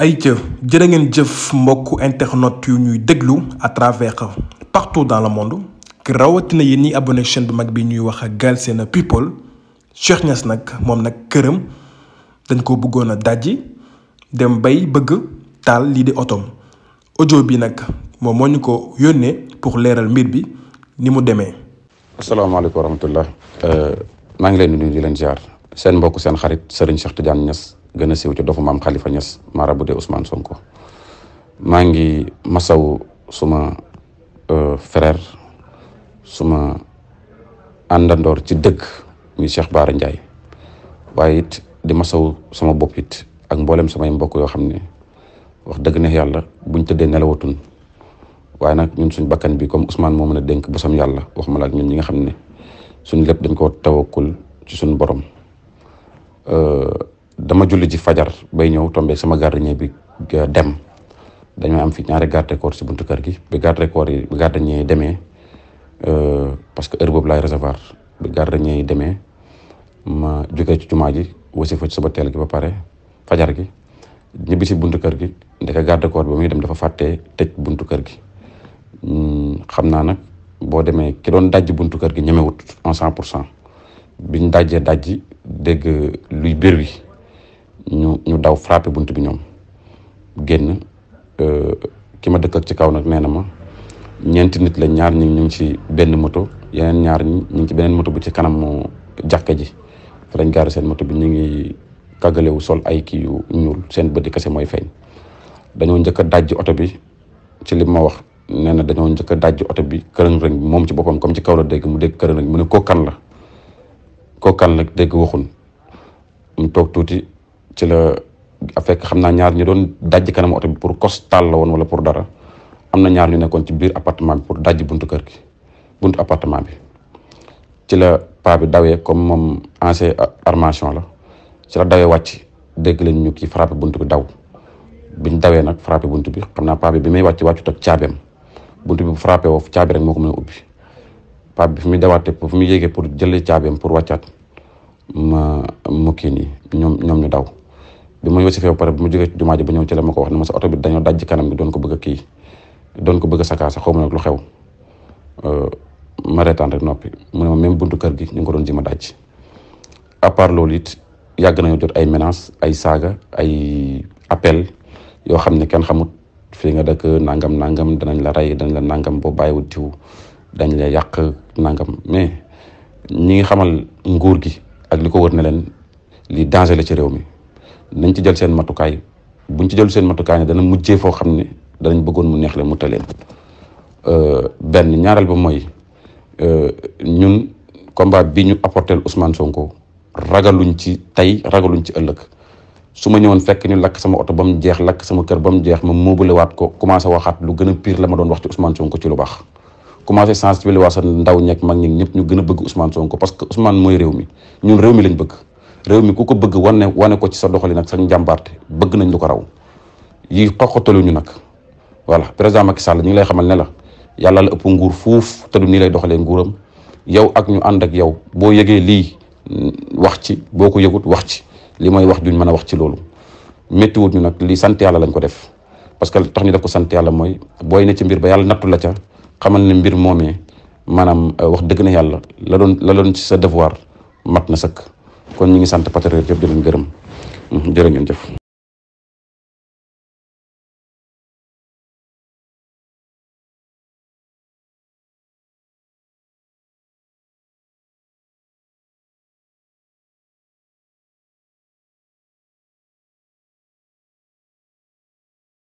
ayca jërë ngeen jëf mbokku internet yu ñuy déglu à travers partout dans le monde à rawatina yéen ñi abonné chaîne bu mag bi ñuy wax Galsen People Cheikh Niass nag moom nag këram dañ ko bëggoon Dadi, dajji dem bay bëgg taal lii di otoom audio bi nag moom moo ko pour leeral mbir bi ni mu demee. asalaamaaleykum wa rahmatullah euh, maa ngi leen di nuyu di leen ziar sen mbokk seen xarit Serigne Cheikh Tidiane gëna a ci dofu marabude Khalifa ñess Mangi masau Ousmane Sonko mangi masaw suma euh, frère suma andandor ci dëgg muy Cheikh Bara ndjay waaye it di masaw sama bopit, it ak mboolem sama mbokk yo xam wax dëgg neex yalla buñ tëddee nelawatun waaye nak ñun suñu bakkan bi comme Ousmane mo mën a bu bosam yalla wax ma la ñun ñi nga tawakul suñu lepp dañ ko tawakkul ci suñu borom euh, dama julli ci fajar bay ñew tombé sama gardien bi dem dañu am fi ñaari garde corps si buntu kër gi bi garde corps yi bi gardien démé euh parce que heure bob lay réservoir bi garde démé ma jogé ci juma ji wosi fa ci sama tel gi ba pare fajar gi ñibbi ci buntu kër gi ka garde corps bi muy dem dafa faté tej buntu kër gi hmm, xamna nak bo démé ki doon dajji buntu kër gi ñëmé wut 100% biñ dajje dajji dégg luy bir wi daw frappé bunt bi ñoom génn euh, ki ma dëkk ak ci kaw nag nee na ma ñeenti nit la ñaar ñi ñu ngi ci benn moto yeneen ñaar ñi ñu ci beneen moto bi ci kanamu jàkka ji fa lañ seen moto bi ñu ngi kàggalewu sol ay kii yu ñuul seen bët yi kese mooy feeñ dañoo njëkk a oto bi ci li ma wax nee na dañoo njëkk a oto bi kërëng-rëng moom ci boppam comme ci kaw dégg mu dégg kërëng-rëng mu ne koo kan la koo kan la dégg waxun mu toog tuuti ci la fekk xam naa ñaar ñu doon dajj kanam bi pour costal la woon wala pour dara am na ñaar ñu nekkoon ci biir appartement bi pour dajj buntu kër gi buntu appartement bi ci la paa bi dawee comme moom ancien armation la ci la dawee wàcc dégg lañ ñu kii frappé buntu bi daw biñ dawee nag frappé buntu bi xam naa paa bi may wàcc wàccu toog caabeem buntu bi bu frappé woo caabi rek moo ko mën a ubbi paa bi fi muy dawaatee pour fi muy yéegee pour jëlee caabeem pour wàccaat ma mu kii ñoom ñoom daw bi ma wasi fee pare bi ma jógee jumaa ji ba ñëw ci lama ko wax ne ma sa auto bi dañu daj kanam bi doon ko bëgg a kii doon ko bëgg a xaw ma lu xew ma reetaan rek noppi mu ne ma même buntu kër gi ñu ko doon à part loolu it yàgg nañu jot ay ay saaga ay appel yoo xam ne kenn xamut fii nga dëkk nangam nangam danañ la rey danañ la nangam boo bàyyiwul tiw dañ la yàq nangam mais ñi ngi xamal nguur gi ak li ko wër ne leen li danger la ci réew mi nañ ci jël seen matukaay buñ ci jël seen matukaay ne dana mujjee foo xam ne danañ bëggoon mu neex leen mu taleen euh, benn ñaareel ba mooy euh, ñun combat bi ñu apporté Ousmane Sonko ragaluñ ci tey ragaluñ ci ëllëg su ma fekk ñu lakk sama oto ba mu jeex lakk sama kër ba mu jeex ma moobule waat ko commencé waxaat lu gën a pire la ma doon wax ci Ousmane Sonko ci lu baax commencé sensibiliser waa sa ndaw ñeeg mag ñi ñëpp ñu gën bëgg Ousmane Sonko parce que Ousmane mooy réew mi ñun réew mi lañ bëgg réew mi ku ko bëgg wane wane ko ci sa doxali nag sañ jàmbaarte bëgg nañ lu ko raw yi ñu nag voilà président Macky Sall ñu ngi lay xamal ne la yàlla la ëpp nguur foof te du nii lay doxalee nguuram yow ak ñu ànd ak yow boo yegee lii mm, wax ci boo ko yëgut wax ci lii mooy wax juñ mën a wax ci loolu méttiwut ñu nag lii sant yàlla lañ ko def parce que tax ñu def ko sant yàlla mooy booy ne ci mbir ba yàlla nattu la ca xamal ne mbir moomee maanaam euh, wax dëgg na yàlla la doon la ci sa devoir mat na sëkk kon ñu ngi sant patriote yëpp di leen gërëm jërë ngeen jëf